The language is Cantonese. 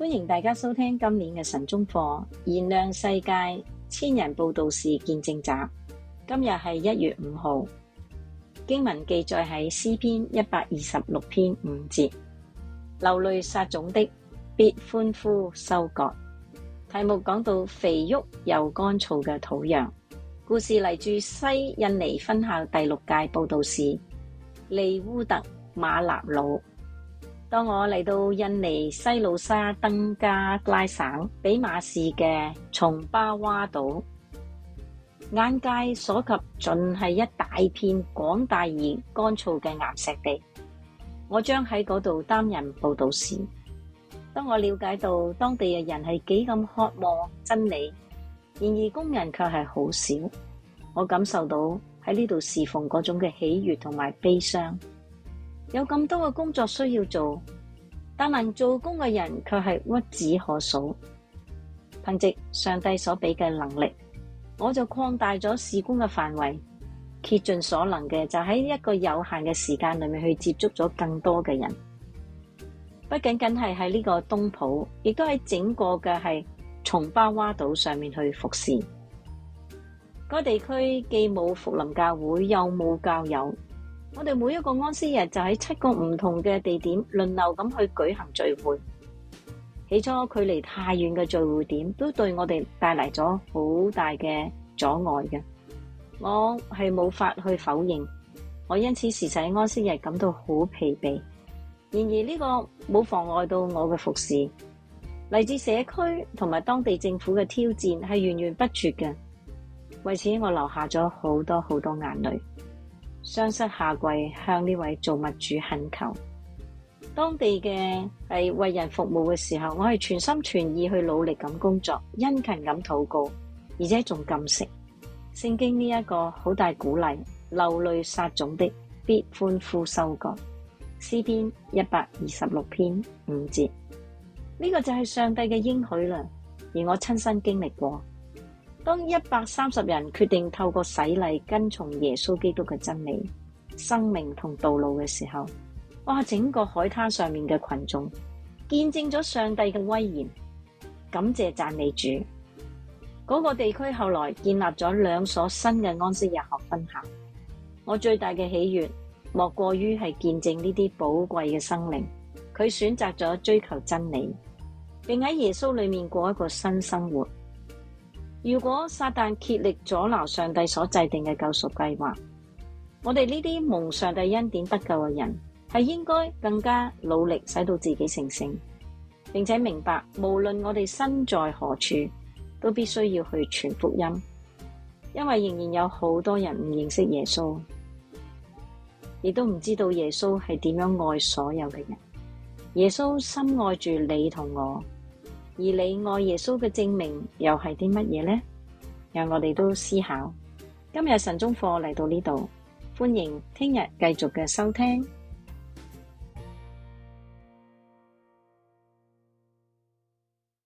歡迎大家收聽今年嘅晨鐘課，燃亮世界千人佈道士見證集。今日係一月五號，經文記載喺詩篇一百二十六篇五節，流淚撒種的必歡呼收割。題目講到肥沃又乾燥嘅土壤，故事嚟自西印尼分校第六屆佈道士利烏特馬納魯。當我嚟到印尼西努沙登加拉省比馬市嘅松巴哇島，眼界所及盡係一大片廣大而乾燥嘅岩石地。我將喺嗰度擔任佈道士。當我了解到當地嘅人係幾咁渴望真理，然而工人卻係好少，我感受到喺呢度侍奉嗰種嘅喜悅同埋悲傷。有咁多嘅工作需要做，但能做工嘅人卻係屈指可數。憑借上帝所俾嘅能力，我就擴大咗事工嘅範圍，竭盡所能嘅就喺一個有限嘅時間裏面去接觸咗更多嘅人。不僅僅係喺呢個東圃，亦都喺整個嘅係松巴哇島上面去服侍。嗰、那個地區既冇復臨教會，又冇教友。我哋每一個安息日就喺七個唔同嘅地點輪流咁去舉行聚會。起初距離太遠嘅聚會點都對我哋帶嚟咗好大嘅阻礙嘅，我係冇法去否認。我因此時使安息日感到好疲憊。然而呢個冇妨礙到我嘅服侍。嚟自社區同埋當地政府嘅挑戰係源源不絕嘅，為此我流下咗好多好多眼淚。雙膝下跪向呢位造物主懇求，當地嘅係為人服務嘅時候，我係全心全意去努力咁工作，殷勤咁禱告，而且仲禁食。聖經呢一個好大鼓勵，流淚撒種的必歡呼收割。詩篇一百二十六篇五節，呢、這個就係上帝嘅應許啦，而我親身經歷過。當一百三十人決定透過洗禮跟從耶穌基督嘅真理、生命同道路嘅時候，哇！整個海灘上面嘅群眾見證咗上帝嘅威嚴，感謝讚美主。嗰、那個地區後來建立咗兩所新嘅安息日學分校。我最大嘅喜悅莫過於係見證呢啲寶貴嘅生命，佢選擇咗追求真理，並喺耶穌裏面過一個新生活。如果撒旦竭力阻撓上帝所制定嘅救贖計劃，我哋呢啲蒙上帝恩典得救嘅人，係應該更加努力使到自己成聖，並且明白無論我哋身在何處，都必須要去傳福音，因為仍然有好多人唔認識耶穌，亦都唔知道耶穌係點樣愛所有嘅人。耶穌深愛住你同我。而你愛耶穌嘅證明又係啲乜嘢呢？讓我哋都思考。今日晨鐘課嚟到呢度，歡迎聽日繼續嘅收聽。